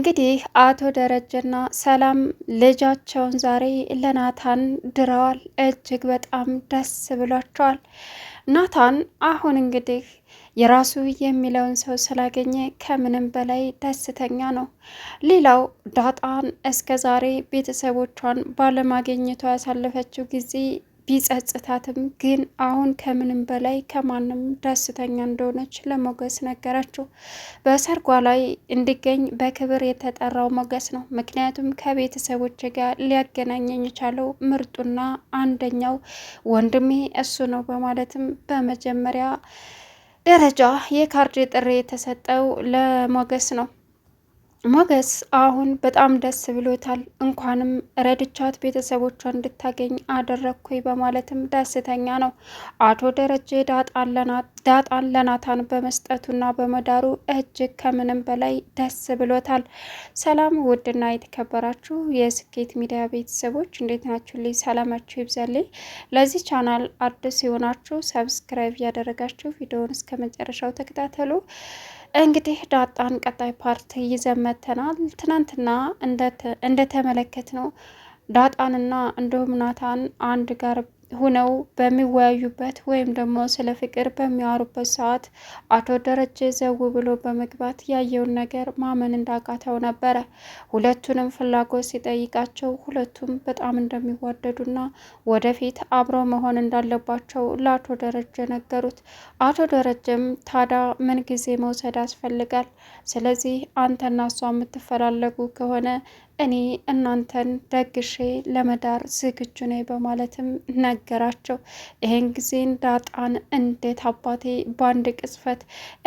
እንግዲህ አቶ ደረጀና ሰላም ልጃቸውን ዛሬ ለናታን ድረዋል። እጅግ በጣም ደስ ብሏቸዋል። ናታን አሁን እንግዲህ የራሱ የሚለውን ሰው ስላገኘ ከምንም በላይ ደስተኛ ነው። ሌላው ዳጣን እስከ ዛሬ ቤተሰቦቿን ባለማግኘቷ ያሳለፈችው ጊዜ ቢጸጽታትም ግን አሁን ከምንም በላይ ከማንም ደስተኛ እንደሆነች ለሞገስ ነገረችው። በሰርጓ ላይ እንዲገኝ በክብር የተጠራው ሞገስ ነው። ምክንያቱም ከቤተሰቦች ጋር ሊያገናኘኝ የቻለው ምርጡና አንደኛው ወንድሜ እሱ ነው በማለትም በመጀመሪያ ደረጃ የካርድ ጥሪ የተሰጠው ለሞገስ ነው። ሞገስ አሁን በጣም ደስ ብሎታል። እንኳንም ረድቻት ቤተሰቦቿን እንድታገኝ አደረግኩኝ በማለትም ደስተኛ ነው። አቶ ደረጀ ዳጣን ለናታን በመስጠቱና በመዳሩ እጅግ ከምንም በላይ ደስ ብሎታል። ሰላም ውድና የተከበራችሁ የስኬት ሚዲያ ቤተሰቦች እንዴት ናችሁ? ልይ ሰላማችሁ ይብዛልኝ። ለዚህ ቻናል አዲስ የሆናችሁ ሰብስክራይብ እያደረጋችሁ ቪዲዮውን እስከ መጨረሻው ተከታተሉ። እንግዲህ ዳጣን ቀጣይ ፓርት ይዘመተናል። ትናንትና እንደተመለከት ነው ዳጣንና እንዲሁም ናታን አንድ ጋር ሁነው በሚወያዩበት ወይም ደግሞ ስለ ፍቅር በሚያወሩበት ሰዓት አቶ ደረጀ ዘው ብሎ በመግባት ያየውን ነገር ማመን እንዳቃተው ነበረ። ሁለቱንም ፍላጎት ሲጠይቃቸው ሁለቱም በጣም እንደሚዋደዱና ወደፊት አብረው መሆን እንዳለባቸው ለአቶ ደረጀ ነገሩት። አቶ ደረጀም ታዲያ ምን ጊዜ መውሰድ ያስፈልጋል? ስለዚህ አንተና እሷ የምትፈላለጉ ከሆነ እኔ እናንተን ደግሼ ለመዳር ዝግጁ ነኝ በማለትም ነገራቸው። ይህን ጊዜን ዳጣን እንዴት አባቴ በአንድ ቅጽበት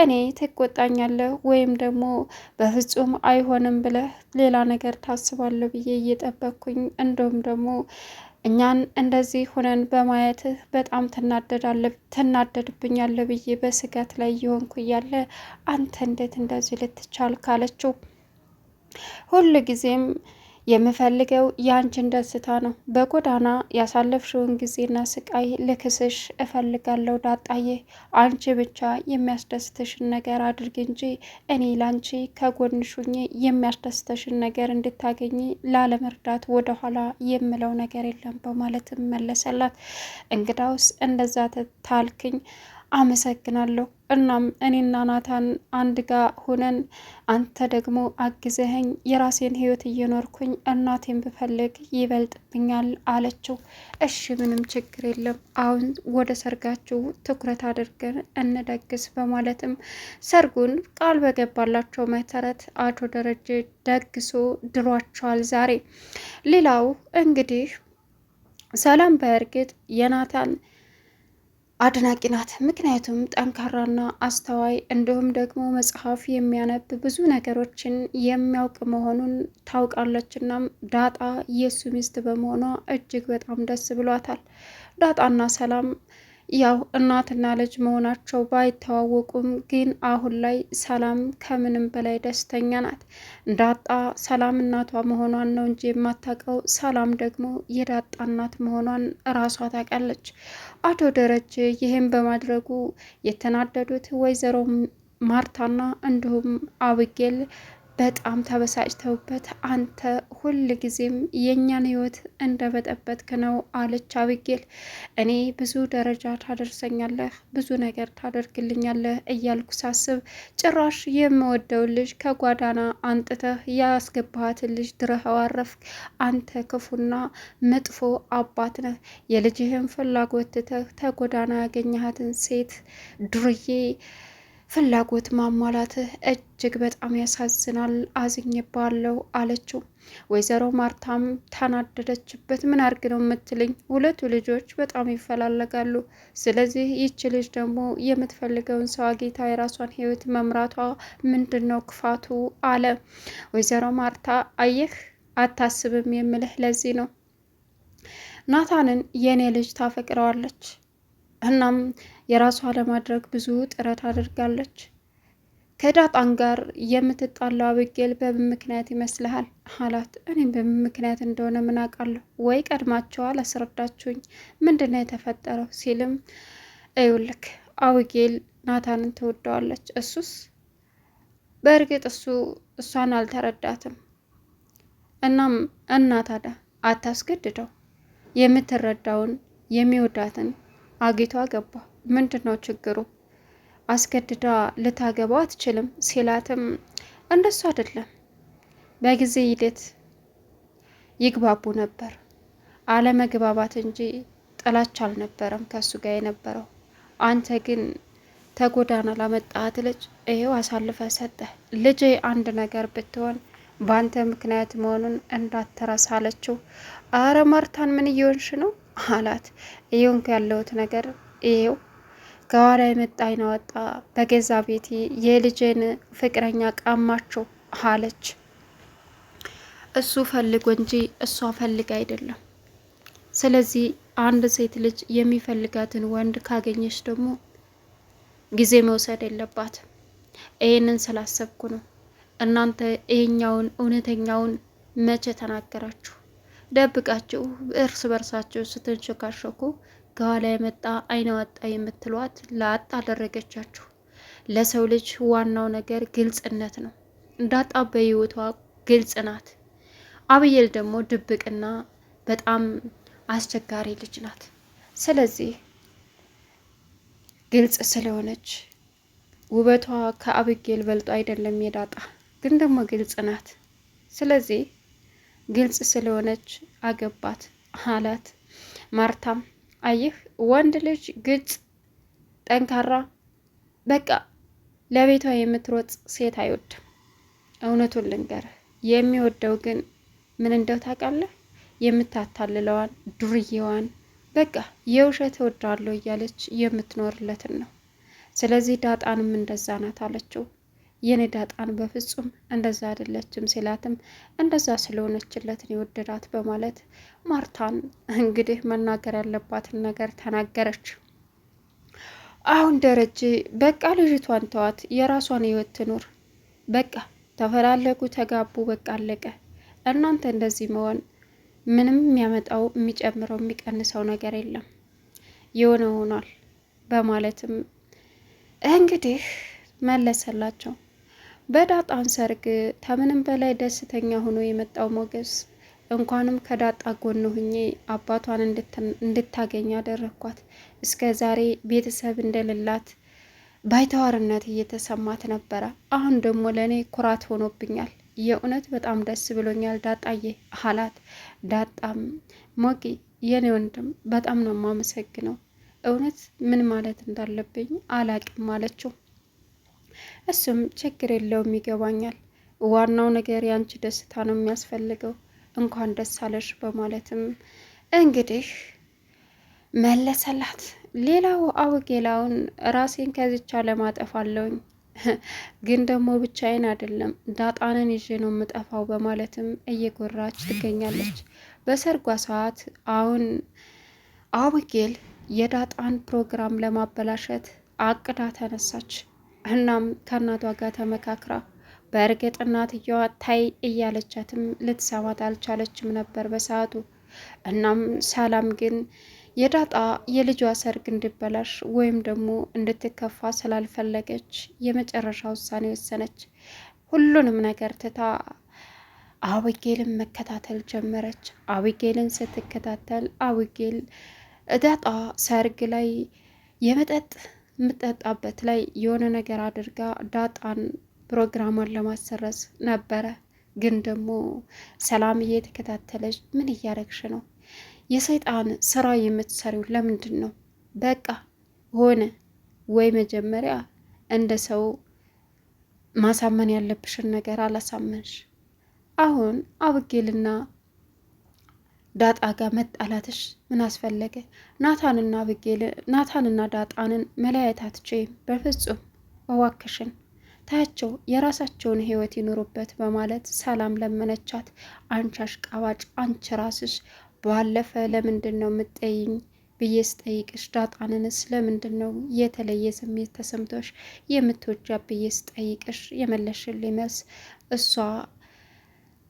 እኔ ትቆጣኛለህ ወይም ደግሞ በፍጹም አይሆንም ብለህ ሌላ ነገር ታስባለሁ ብዬ እየጠበቅኩኝ እንዲሁም ደግሞ እኛን እንደዚህ ሆነን በማየትህ በጣም ትናደድብኛለህ ብዬ በስጋት ላይ እየሆንኩ እያለ አንተ እንዴት እንደዚህ ልትቻል ካለችው ሁል ጊዜም የምፈልገው የአንችን ደስታ ነው። በጎዳና ያሳለፍሽውን ጊዜና ስቃይ ልክስሽ እፈልጋለሁ ዳጣዬ። አንቺ ብቻ የሚያስደስተሽን ነገር አድርግ እንጂ እኔ ላንቺ ከጎንሹኝ የሚያስደስተሽን ነገር እንድታገኝ ላለመርዳት ወደኋላ የምለው ነገር የለም በማለትም መለሰላት። እንግዳውስ እንደዛ ታልክኝ አመሰግናለሁ። እናም እኔና ናታን አንድ ጋ ሆነን አንተ ደግሞ አግዘኸኝ የራሴን ህይወት እየኖርኩኝ እናቴን ብፈልግ ይበልጥብኛል አለችው። እሺ ምንም ችግር የለም አሁን ወደ ሰርጋችሁ ትኩረት አድርገን እንደግስ በማለትም ሰርጉን ቃል በገባላቸው መሰረት አቶ ደረጀ ደግሶ ድሯቸዋል። ዛሬ ሌላው እንግዲህ ሰላም በእርግጥ የናታን አድናቂ ናት። ምክንያቱም ጠንካራና አስተዋይ እንዲሁም ደግሞ መጽሐፍ የሚያነብ ብዙ ነገሮችን የሚያውቅ መሆኑን ታውቃለች። እናም ዳጣ የእሱ ሚስት በመሆኗ እጅግ በጣም ደስ ብሏታል። ዳጣና ሰላም ያው እናትና ልጅ መሆናቸው ባይተዋወቁም ግን አሁን ላይ ሰላም ከምንም በላይ ደስተኛ ናት። ዳጣ ሰላም እናቷ መሆኗን ነው እንጂ የማታውቀው ሰላም ደግሞ የዳጣ እናት መሆኗን እራሷ ታውቃለች። አቶ ደረጀ ይህም በማድረጉ የተናደዱት ወይዘሮ ማርታና እንዲሁም አብጌል በጣም ተበሳጭተውበት አንተ ሁል ጊዜም የእኛን ህይወት እንደበጠበጥክ ነው አለች አብጌል። እኔ ብዙ ደረጃ ታደርሰኛለህ፣ ብዙ ነገር ታደርግልኛለህ እያልኩ ሳስብ ጭራሽ የምወደው ልጅ ከጓዳና አንጥተህ ያስገባሃትን ልጅ ድረኸው አረፍክ። አንተ ክፉና መጥፎ አባት ነህ። የልጅህን ፍላጎት ትተህ ተጎዳና ያገኘሃትን ሴት ዱርዬ ፍላጎት ማሟላትህ እጅግ በጣም ያሳዝናል፣ አዝኜባለሁ አለችው። ወይዘሮ ማርታም ታናደደችበት። ምን አርግ ነው የምትልኝ? ሁለቱ ልጆች በጣም ይፈላለጋሉ። ስለዚህ ይች ልጅ ደግሞ የምትፈልገውን ሰው አግኝታ የራሷን ህይወት መምራቷ ምንድን ነው ክፋቱ? አለ ወይዘሮ ማርታ። አየህ አታስብም የምልህ ለዚህ ነው ናታንን የእኔ ልጅ ታፈቅረዋለች። እናም የራሷ ለማድረግ ብዙ ጥረት አድርጋለች። ከዳጣን ጋር የምትጣላው አብጌል በምን ምክንያት ይመስልሃል? አላት። እኔም በምን ምክንያት እንደሆነ ምን አውቃለሁ? ወይ ቀድማቸው አስረዳችሁኝ። ምንድን ነው የተፈጠረው? ሲልም እዩልክ አብጌል ናታንን ትወደዋለች። እሱስ በእርግጥ እሱ እሷን አልተረዳትም። እናም እና ታዲያ አታስገድደው፣ የምትረዳውን የሚወዳትን አግቷ ገባ። ምንድን ነው ችግሩ? አስገድዳ ልታገባው አትችልም ሲላትም እንደሱ አይደለም። በጊዜ ሂደት ይግባቡ ነበር። አለመግባባት እንጂ ጥላቻ አልነበረም ከሱ ጋር የነበረው። አንተ ግን ተጎዳና ላመጣት ልጅ ይሄው አሳልፈ ሰጠ። ልጄ አንድ ነገር ብትሆን በአንተ ምክንያት መሆኑን እንዳትረሳ አለችው። አረ ማርታን ምን እየሆንሽ ነው አላት። እየሆንኩ ያለሁት ነገር ይሄው ከኋላ የመጣ አይን ወጣ በገዛ ቤቴ የልጄን ፍቅረኛ ቃማቸው አለች። እሱ ፈልጎ እንጂ እሷ ፈልግ አይደለም። ስለዚህ አንድ ሴት ልጅ የሚፈልጋትን ወንድ ካገኘች ደግሞ ጊዜ መውሰድ የለባትም። ይህንን ስላሰብኩ ነው። እናንተ ይሄኛውን እውነተኛውን መቼ ተናገራችሁ? ደብቃችሁ እርስ በርሳችሁ ስትንሸካሸኩ ከኋላ የመጣ አይነ ወጣ የምትሏት ላጥ አደረገቻችሁ። ለሰው ልጅ ዋናው ነገር ግልጽነት ነው። እንዳጣ በህይወቷ ግልጽ ናት። አብየል ደግሞ ድብቅና በጣም አስቸጋሪ ልጅ ናት። ስለዚህ ግልጽ ስለሆነች ውበቷ ከአብጌል በልጦ አይደለም የዳጣ ግን ደግሞ ግልጽ ናት። ስለዚህ ግልጽ ስለሆነች አገባት አላት። ማርታም አይህ ወንድ ልጅ ግጭ፣ ጠንካራ፣ በቃ ለቤቷ የምትሮጥ ሴት አይወድም። እውነቱን ልንገርህ፣ የሚወደው ግን ምን እንደው ታውቃለህ? የምታታልለዋን ዱርዬዋን በቃ የውሸት እወዳለሁ እያለች የምትኖርለትን ነው። ስለዚህ ዳጣንም እንደዛ ናት አለችው። የኔ ዳጣን በፍጹም እንደዛ አይደለችም ሲላትም እንደዛ ስለሆነችለትን ይወደዳት በማለት ማርታን እንግዲህ መናገር ያለባትን ነገር ተናገረች። አሁን ደረጀ በቃ ልጅቷን ተዋት፣ የራሷን ህይወት ትኑር። በቃ ተፈላለጉ፣ ተጋቡ፣ በቃ አለቀ። እናንተ እንደዚህ መሆን ምንም የሚያመጣው የሚጨምረው የሚቀንሰው ነገር የለም፣ የሆነ ሆኗል በማለትም እንግዲህ መለሰላቸው። በዳጣን ሰርግ ከምንም በላይ ደስተኛ ሆኖ የመጣው ሞገስ እንኳንም ከዳጣ ጎን ሆኜ አባቷን እንድታገኝ አደረግኳት። እስከ ዛሬ ቤተሰብ እንደሌላት ባይተዋርነት እየተሰማት ነበረ። አሁን ደግሞ ለእኔ ኩራት ሆኖብኛል። የእውነት በጣም ደስ ብሎኛል ዳጣዬ አላት። ዳጣም ሞቂ የኔ ወንድም በጣም ነው የማመሰግነው፣ እውነት ምን ማለት እንዳለብኝ አላቅም አለችው። እሱም ችግር የለውም ይገባኛል፣ ዋናው ነገር ያንቺ ደስታ ነው የሚያስፈልገው፣ እንኳን ደስ አለሽ በማለትም እንግዲህ መለሰላት። ሌላው አውጌላውን ራሴን ከዚቻ ለማጠፍ አለውኝ ግን ደግሞ ብቻዬን አይደለም ዳጣንን ይዤ ነው የምጠፋው በማለትም እየጎራች ትገኛለች። በሰርጓ ሰዓት አሁን አውጌል የዳጣን ፕሮግራም ለማበላሸት አቅዳ ተነሳች። እናም ከእናቷ ጋር ተመካክራ በእርግጥ እናትየዋ ታይ እያለቻትም ልትሰማት አልቻለችም ነበር በሰዓቱ። እናም ሰላም ግን የዳጣ የልጇ ሰርግ እንዲበላሽ ወይም ደግሞ እንድትከፋ ስላልፈለገች የመጨረሻ ውሳኔ ወሰነች። ሁሉንም ነገር ትታ አቢጌልን መከታተል ጀመረች። አቢጌልን ስትከታተል አቢጌል ዳጣ ሰርግ ላይ የመጠጥ የምጠጣበት ላይ የሆነ ነገር አድርጋ ዳጣን ፕሮግራሟን ለማሰረዝ ነበረ። ግን ደግሞ ሰላም እየተከታተለች ምን እያረግሽ ነው? የሰይጣን ስራ የምትሰሪው ለምንድን ነው? በቃ ሆነ ወይ መጀመሪያ እንደ ሰው ማሳመን ያለብሽን ነገር አላሳመንሽ። አሁን አብጌልና ዳጣ ጋር መጣላትሽ ምን አስፈለገ? ናታንና ብጌል ናታንና ዳጣንን መለያየት አትችይም። በፍጹም እዋክሽን ታያቸው የራሳቸውን ህይወት ይኑሩበት በማለት ሰላም ለመነቻት። አንቺ አሽቃባጭ፣ አንቺ ራስሽ ባለፈ ለምንድን ነው የምትጠይኝ ብዬ ስጠይቅሽ ዳጣንንስ ለምንድን ነው የተለየ ስሜት ተሰምቶሽ የምትወጃ ብዬ ስጠይቅሽ የመለሽልኝ መልስ እሷ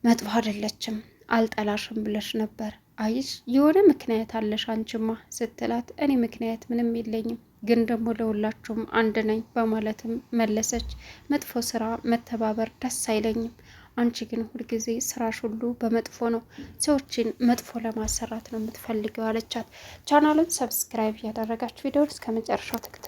መጥፎ አይደለችም አልጠላሽም ብለሽ ነበር። አይሽ የሆነ ምክንያት አለሽ አንቺማ ስትላት፣ እኔ ምክንያት ምንም የለኝም ግን ደግሞ ለሁላችሁም አንድ ነኝ በማለትም መለሰች። መጥፎ ስራ መተባበር ደስ አይለኝም። አንቺ ግን ሁልጊዜ ስራሽ ሁሉ በመጥፎ ነው፣ ሰዎችን መጥፎ ለማሰራት ነው የምትፈልገው አለቻት። ቻናሉን ሰብስክራይብ እያደረጋችሁ ቪዲዮን እስከ መጨረሻው ትክት